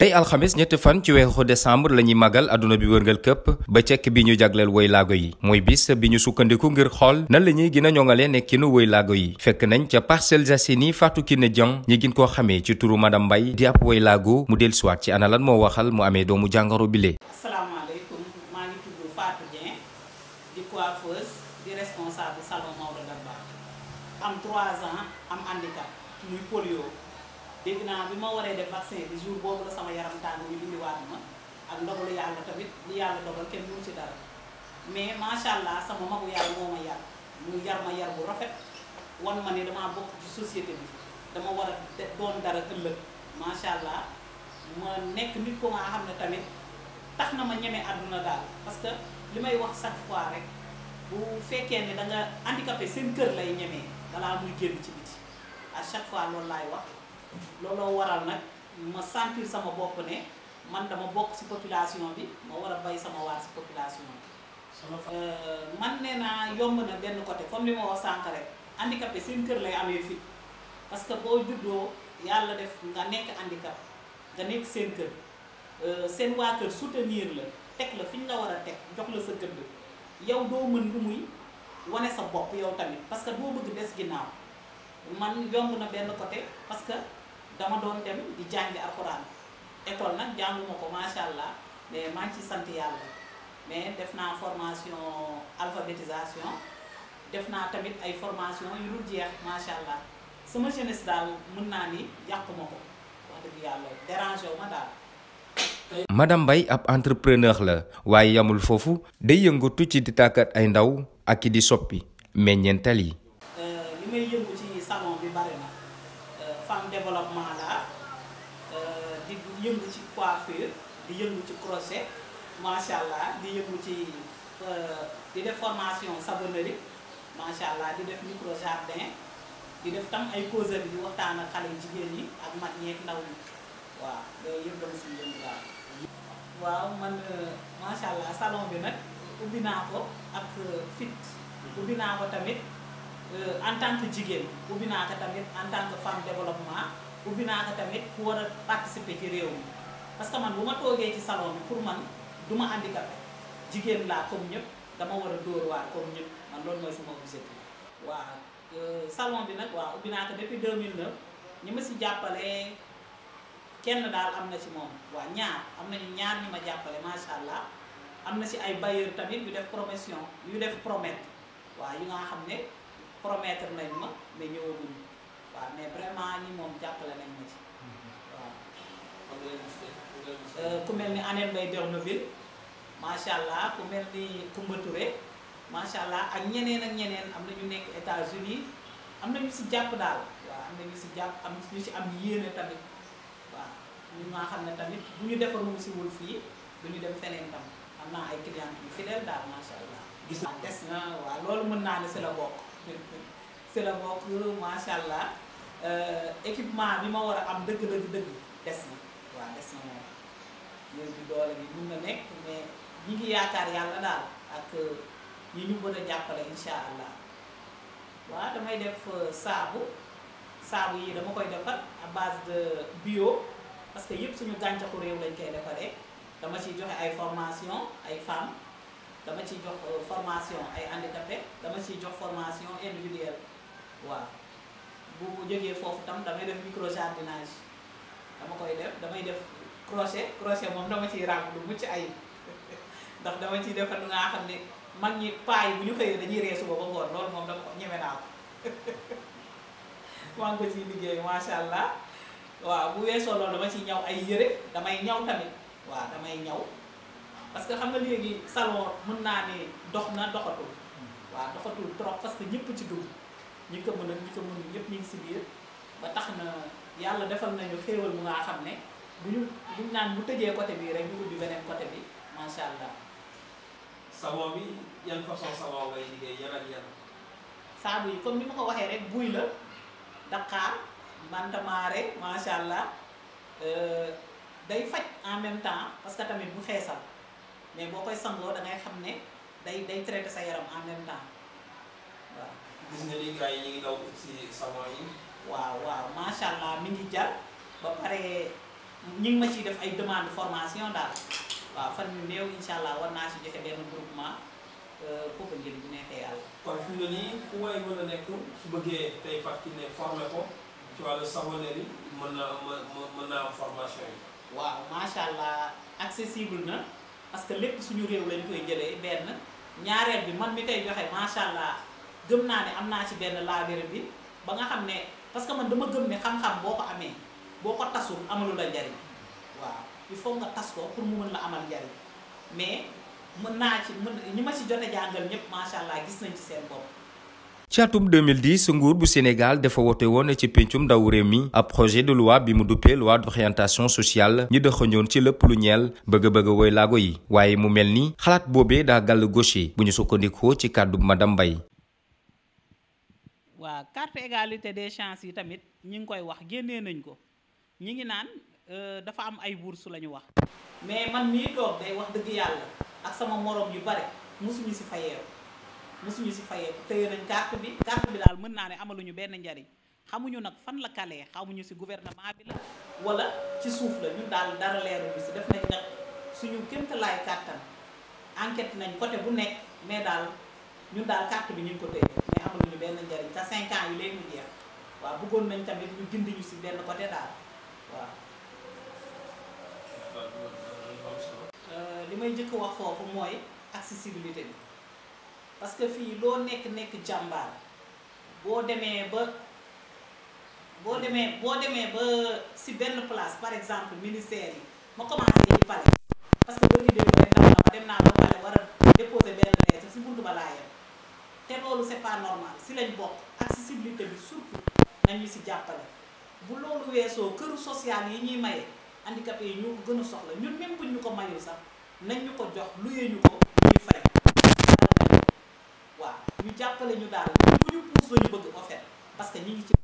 tey alxames ñetti fan ci weeru décembre la ñuy màggal àdduna bi wërngal këpp ba cekk bi ñu jagleel woy laago yi mooy bis bi ñu sukkandiku ngir xool nan la ñuy gën a ñoŋalee nekkinu woy laago yi fekk nañ ca Parcelles Assainies Fatou kine Dieng ñi gin koo xamee ci turu madame mbay di ab woy laago mu dellusiwaat ci ana lan moo waxal mu amee doomu jàngoro bile. am handicap muy polio dégg naa bi ma waree def vaccin bi jour boobu la sama yaram tàng ñu indiwaat ma ak ndogalu yàlla tamit li yàlla dogal kenn mënu si dara mais macha allah sama magu yàlla moo ma yar mu yar ma yar bu rafet wan ma ni damaa bokk ci société bi dama war a doon dara ëllëg macha allah ma nekk nit ko nga xam ne tamit tax na ma ñeme àdduna daal parce que li may wax chaque fois rek bu fekkee ni da nga handicapé seen kër lay ñeme balaa muy génn ci biti à chaque fois loolu laay wax loo waral nag ma sentir sama bopp ne man dama bokk ci population bi ma war a bay sama waar ci population bi. Euh, man nee naa yomb na benn côté comme li ma wax sànq rek handicapé seen kër lay amee fit parce que boo juddoo yàlla def nga nekk handicap nga nekk seen kër euh, seen waa kër soutenir la teg la fi ñu la war a teg jox la sa gëdd yow doo mën lu muy. wane sa bopp yow tamit parce que bëgg des ginnaaw man yomb na benn côté parce que dama doon dem di jàngi alxuraan école nag jànguma ko macha allah mais maa ci sant yàlla mais def naa formation alphabétisation def naa tamit ay formation yu dul jeex macha allah sama jeunesse daal mën naa ni yàquma ko wax dëgg yàlla dérangé ma daal. Madame Mbaye ab entrepreneur la waaye yamul foofu day yëngatu ci di tàkkat ay ndaw. ak di soppi meññental yi li may yëngu ci salon bi bari na femme développement la di yëngu ci di yëngu ci crochet di yëngu ci di def formation savonnerie di di def tam ay di waxtaan ak jigéen man salon bi nak ubbi naa ko ak euh, fit mm-hmm. ubbi naa ko tamit euh, en tant jigéen ubbi naa ko tamit en tant que femme développement ubbi naa ko tamit ku war a participer réew mi parce que man bu ma toogee ci salon bi pour man du ma handicapé jigéen laa comme ñëpp dama war a dóor waar comme ñëpp man loolu mooy sama objectif waaw euh, salon bi nag waa ubbi naa ko depuis 2009 ñi ma si jàppale kenn daal am na ci moom waaw ñaar am nañu ñaar ñi ma jàppale macha allah am ci si ay bailleur tamit yu def promotion yu def promettre wa yi nga xam ne promettre nañ ma mais ñëwaguñ wa mais vraiment ni mom jàppale nañ ma ci waaw euh, ku melni ni bay Dernoville machallah ku melni kumba Touré machallah ak ñeneen ak ñeneen am ñu nekk États-Unis am ñu si japp dal wa am ñu si japp am ñu ci am yene tamit wa ñu nga xam ne tamit bu ñu mu si wul fi bu ñu dem feneen tamit am naa ay client yu fidèle daal macha allah. gis naa des na waaw loolu mën naa ne si la bokk. si la bokk macha allah euh, équipement bi ma war a am dëgg-dëgg dëgg des na waaw des na moom yooyu bi doole bi mun na nekk mais ñi ngi yaakaar yàlla daal ak euh, ñi ñu mën a jàppale incha allah waa damay def euh, saabu saabu yi dama koy defar à base de bio parce que yëpp suñu gàncaxu réew lañ koy defaree. dama ciy joxe ay formation ay femmes dama ciy jox euh, formation ay handicapé dama ciy jox formation individuelle waa bu jógee foofu tam damay def micro jardinage dama koy def damay def crochet crochet moom dama ciy ràmb lu mucc ay ndax dama ciy defar lu nga xam ne mag ñi paay bu ñu xëyee dañuy reesu ba ba ngoon loolu moom dama ko ñeme naa ko maa ngi ko ciy liggéey macha allah waaw bu weesoo loolu dama ciy ñaw ay yére damay ñaw tamit. waaw damay ñaw parce que xam nga léegi salon mun naa ne dox na doxatul waaw doxatul trop parce que ñëpp ci dugg ñu ko mën ak ñi ko mën ñëpp ñu ngi si biir ba tax na yàlla defal nañu xéewal mu nga xam ne bu ñu buñ naan bu tëjee côté bii rek ñu ubbi beneen côté bi macha allah. salon bi yan façon salon ngay liggéey yan ak saabu yi comme ni ma ko waxee rek buy la Dakar Manta Mare macha allah. Euh, day fajj en même temps parce que tamit bu xéssal mais bokoy koy da ngay xamné day day traiter sa yaram en même temps waaw. gis nga li gars yi ngi daw si sama yi. waaw waaw sha allah mi ngi jall ba paré ñi ngi ma ci def ay demande formation daal waaw fan ñu néew incha allah war na ci joxe ben groupement kooku euh, njëriñ bu neexee yàlla. kon fi mu ne nii fu waay mën a nekk su bëggee tey fàttali ne formé ko ci wàllu savonnerie mën naa formation yi. waaw macha allah accessible na parce que lépp suñu réew lañ koy jëlee benn ñaareel bi man mi koy joxe macha allah gëm naa ne am naa ci benn laa laabire bi ba nga xam ne parce que man dama gëm ne xam-xam boo ko amee boo ko tasul amalu la njariñ waaw il faut nga tas ko pour mu mën la amal njariñ mais mën naa ci mën ñu ma ci jote jàngal ñëpp macha allah gis nañ ci seen bopp. ci atum 2010 nguur bu Sénégal dafa woote woon ci péncum ndaw réew mi ab projet de loi bi mu duppee loi d'orientation sociale ñi dëxañoon ci lëpp lu ñeel bëgg-bëgg woy laago yi waaye mu mel ni xalaat boobee daa gàll gauche bu ñu sukkandikoo ci kàddu madame Mbaye waaw carte égalité des chances yi tamit ñi ngi koy wax génnee nañ ko ñi ngi naan euh, dafa am ay bourse la ñu wax mais man mii toog day wax dëgg yàlla ak sama morom yu bare mosuñu si fayeew mosuñu si fayee téye nañ carte bi carte bi daal mën naa ne ñu benn njariñ xamuñu nag fan la kalee xamuñu si gouvernement bi la wala ci suuf la ñun daal dara leeruñu si def nañ nag suñu kémt laay kàttan enquête nañ côté bu nekk mais daal ñun daal carte bi ñu ko téye mais amaluñu benn njariñ te cinq yi léegi mu jeex waaw bëggoon nañ tamit ñu gindi ñu si benn côté daal waaw euh, li may njëkk wax foofu mooy accessibilité bi parce que fii loo nekk nekk jàmbaar boo demee ba boo demee boo demee ba si benn place par exemple ministère yi ma commencé ci palais parce que ba liggéey bi ndax ma dem naa ba palais war a benn lettre si buntu ba laa yem te loolu c'est pas normal si lañ bokk accessibilité bi surtout nañu si jàppale bu loolu weesoo këru social yi ñuy maye handicapé yi ñoo gën soxla ñun même buñ ñu ko mayul sax nañ ñu ko jox luyee ñu ko ñuy fay ñu jàppale ñu daal bu ñu puus la bëgg en fait parce que ñu ngi ci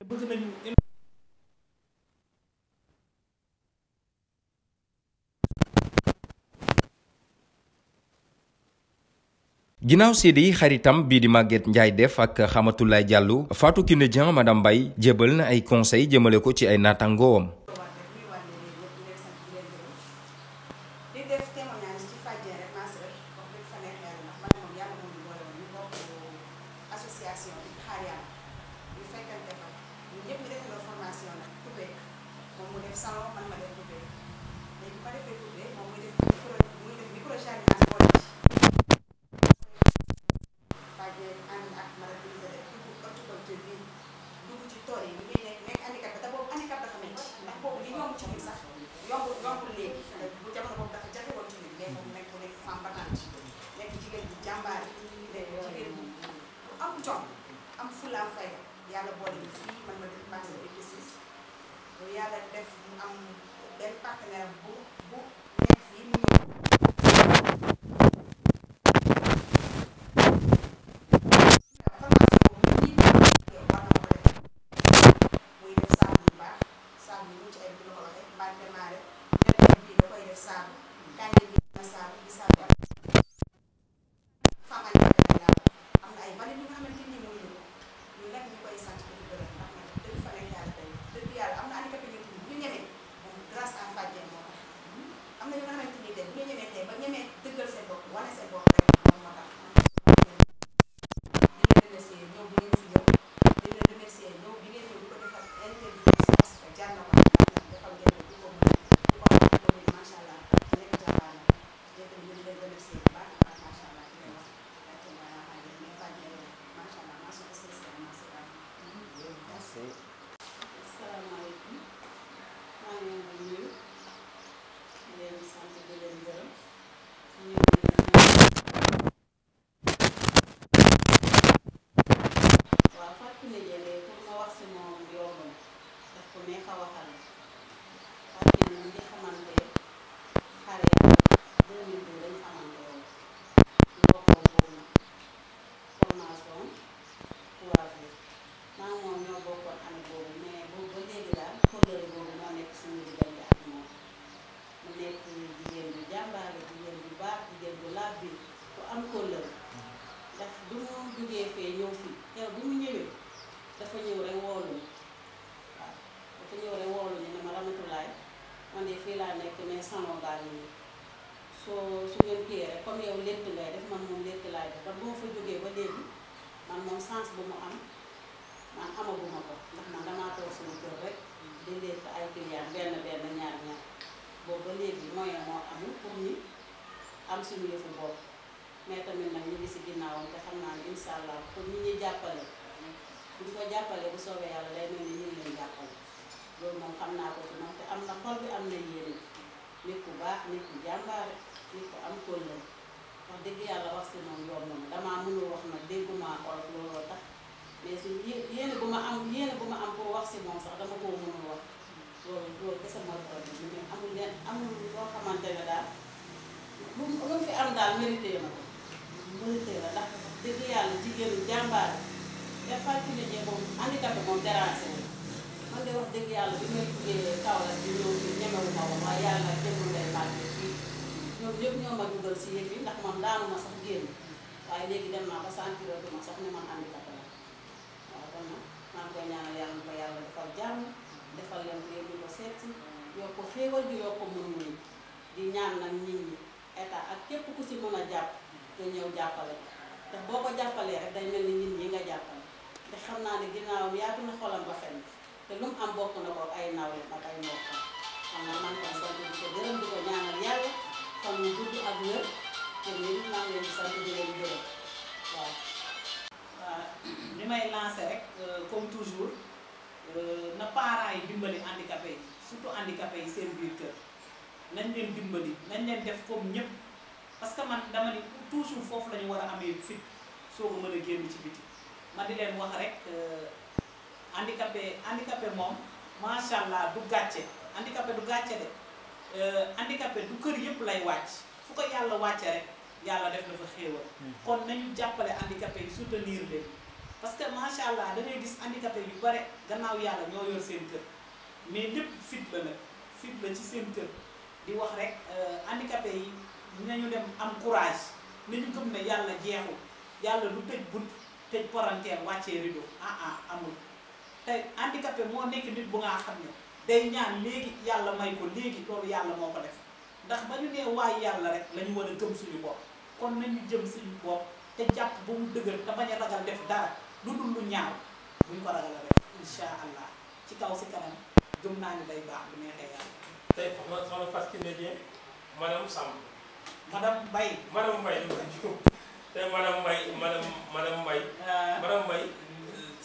te bëgg ginnaaw seede yi xaritam bii di Maguette njaay def ak Xamatulaay Diallo Fatou Kiné Dieng madame Mbaye na ay conseil jëmale ko ci ay naataangoowam docteur yi muy nekk nekk handicap te boobu handicap dafa nekk ndax boobu li yomb ci ñun sax yombul yombul léegi bu jamono boobu dafa jafe woon ci ñun mais moom nekk mu nekk femme nekk jigéen bu jàmbaar nekk jigéen bu am jom am fulaam fay yàlla boole fii man ma def passé bi yàlla def mu am benn partenaire bu vieja de fii laa nekk mais salon baa soo su ngeen kii rek comme yow létt ngay def man moom létt laay def ba bu ma fa jógee ba léegi man moom sens bu mu am man amaguma ko ndax man damaa toog sama kër rek di létt ay client benn benn ñaar ñaar boobu ba léegi moyen moo amul pour ñi am suñu yëfu bopp mais tamit nag ñu ngi si ginnaawam te xam naa ne incha allah ñu ko jàppale bu soobee yàlla day mel ni leen jàppale loolu moom xam naa ko ci moom te am na nit ku jàmbaare nit ku am kóllëre wax dëgg yàlla wax si moom yomb na damaa mënul wax nag dégguma olof looloo tax mais suñu yéene bu ma am yéene bu ma am pour wax si moom dama koo mënul wax loolu loolu kese mooy problème bi mais amul leen amul loo xamante ne daal lu mu fi am daal mérité na ko mérité la ndax dëgg yàlla jigéenu jàmbaare te fàttali ne moom handicapé moom dérangé man de wax dëgg yàlla bi may jugee Kaolack bi ñëw fi ñemewu ma ko waaye yàlla nga ma dugal si yëf yi ndax man daanu ma sax génn waaye léegi dem naa ba sentirotuma sax ni man handicapé la waaw kon nag koy ñaanal yàlla na ko yàlla defal jàmm defal leen ko yéen ko seet si yoo ko xéewal gi yoo ko di ñaan nag nit ñi ak képp ku si mën jàpp nga ñëw jàppale te ndax boo ko jàppalee rek day mel ni nit ñi nga jàppale te xam naa ne ginnaawam yaatu na xolam ba fenn te lu mu am bokk na ko ay nawle ak ay mbokkam xam nga man kon sant di ko gërëm di ko ñaanal yàlla fan yu bu wér kon yéen li may lancé rek euh, comme toujours euh, na parents yi dimbali handicapé yi surtout handicapé yi seen biir kër nañ leen dimbali nañ leen def comme ñëpp parce que man dama ni toujours foofu la ñu war a amee fit soo ko mën a génn ci biti ma di leen wax rek euh, handicapé handicapé moom macha allah du gàcce handicapé du gàcce de handicapé du kër yëpp lay wàcc. fu ko yàlla wàcce rek yàlla def na fa xéewal hmm. kon nañu jàppale handicapé yi soutenir leen parce que macha allah da gis handicapé yu bare gannaaw yàlla ñoo yor seen kër mais lépp fit la nag fit la ci seen kër di wax rek euh, handicapé yi nañu dem am courage nañu gëm ne yàlla jeexul yàlla lu tëj bunt tëj parentère wàccee rideau ah ah amul te handicapé moo nekk nit bu nga xam ne day ñaan léegi yàlla may ko léegi loolu yàlla moo ko def ndax ba ñu nee waay yàlla rek la ñu war a gëm suñu bopp kon nañu jëm suñu bopp te jàpp ba mu dëgër te bañ a ragal def dara lu dul lu ñaaw bu ñu ko ragal a def insha allah ci kaw si kanam gëm naa ne day baax bu neexee yàlla. tey man soxna Fass Kiné Dieng madame Samb. madame Mbaye. madame Mbaye tey madame Mbaye madame madame Mbaye. Euh. madame Mbaye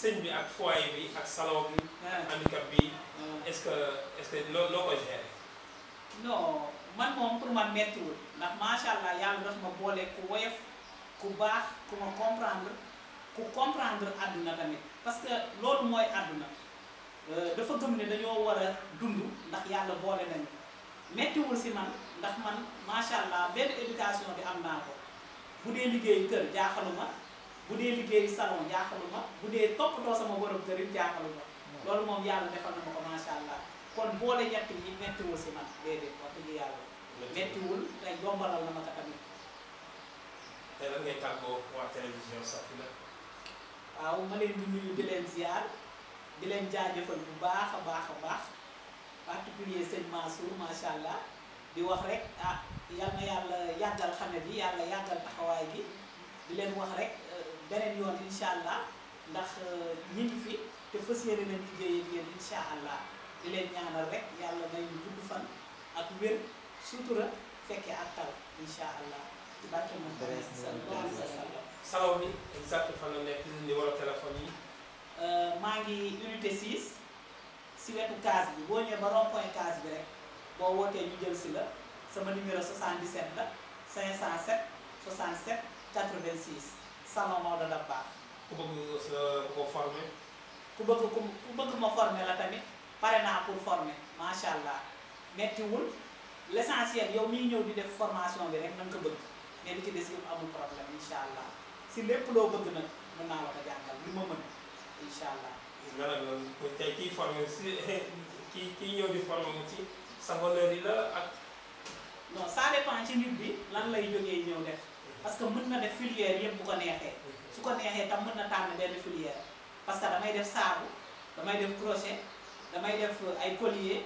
sëñ bi ak foyer bi ak salon bi. Euh. handicap bi euh. est-ce que est-ce que loo loo man moom pour man méttiwul ndax macha allah yàlla daf ma boole ku woyof ku baax ku ma comprendre ku comprendre àdduna tamit parce que loolu mooy àdduna euh, dafa gëm ne dañoo war a dund ndax yàlla boole nañu méttiwul si man ndax man macha allah benn éducation bi am naa ko bu dee liggéey kër jaaxaluma bu dee liggéey salon jaaxaluma bu dee too sama borom kër it jaaxaluma loolu moom yàlla defal na ma ko kon boole ñett yi méttiwul si man déedéet wax dëgg yàlla. méttiwul te yombalal na ma ko tamit. tey lan ngay tàggoo waa télévision Safina. waaw ma leen di nuyu di leen ziar di leen jaajëfal bu baax a baax a baax particulier sëñ Mansour macha allah di wax rek ah yal na yàlla yàggal xame bi yàlla yàggal taxawaay bi di leen wax rek euh, beneen yoon incha allah ndax euh, ñu fi te fas yéene nañ liggéey ak yéen incha allah. di leen ñaanal rek yàlla may ñu gudd fan ak wér sutura fekkee ak taw allah ci moom sallallahu alayhi wa exact fan la nekk numéro téléphone yi euh, maa ngi unité 6 si wetu case bi boo ñëwee ba rond point case bi rek boo wootee ñu jël si la sama numéro 77 la 507 67 86 salon Maodo Dabakh ku bëgg ko formé ku bëgg ku bëgg ma formé la tamit pare naa pour former macha allah mettiwul l' essentiel yow miy ñëw di def formation bi rek na nga ko bëgg mais li des yëpp amul problème incha allah si lépp loo bëgg nag mën naa la ko jàngal li ma mën incha allah. gis nga nag loolu tey kiy formé si ñëw di formé mu ci sa valeur yi la ak. non ça dépend ci nit bi lan lay jógee ñëw def parce que mën na def filière yëpp bu ko neexee su ko neexee tam mën na tànn benn filière parce que damay def saabu damay def damay def ay collier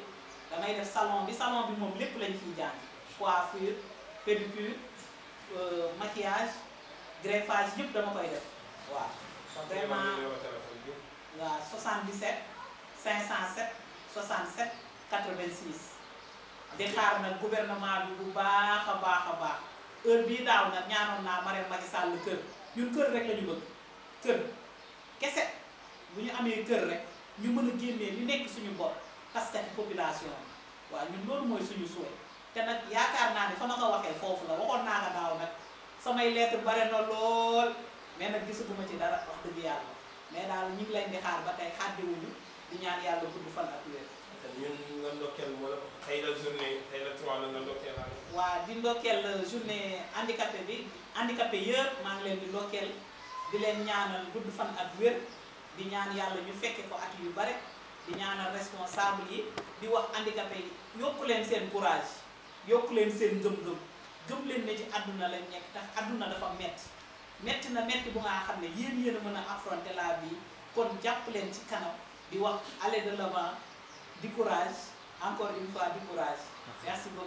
damay def salon bi salon bi moom lépp lañ fiy jàng coiffure pédicure euh, maquillage greffage yëpp dama koy def waaw. vraiment waaw 77 507 67 86. di xaar nag gouvernement bi bu baax a baax a baax heure bii daaw nag ñaanoon naa Marème Macky Sall kër ñun kër rek la ñu bëgg kër kese bu ñu amee kër rek. ñu mën a génnee li nekk suñu bopp parce que population bi waaw ñun loolu mooy suñu souhait te nag yaakaar naa ne fa ma ko waxee foofu la waxoon naa nga daaw nag samay lettre bare na lool mais nag gisaguma ci dara wax dëgg yàlla mais daal ñu ngi leen di ba tey xàddiwuñu di ñaan yàlla gudd fan ak wér. ñun nga ndokkeel wala tey la journée tey la 3 la nga di ndokkeel euh, journée handicapé bi handicapé yëpp maa ngi leen di ndokkeel di leen ñaanal gudd fan ak wér. di ñaan yàlla ñu fekke ko at yu bare di ñaanal responsable yi di wax handicapé yi yokku leen seen courage yokku leen seen gëm-gëm gëm leen ne àdduna lañ nekk ndax àdduna dafa metti metti na metti bu nga xam ne yéen yéen a mën a affronter la vie kon jàpp leen ci kanam di wax aller de l'avant di courage encore une fois di courage merci beaucoup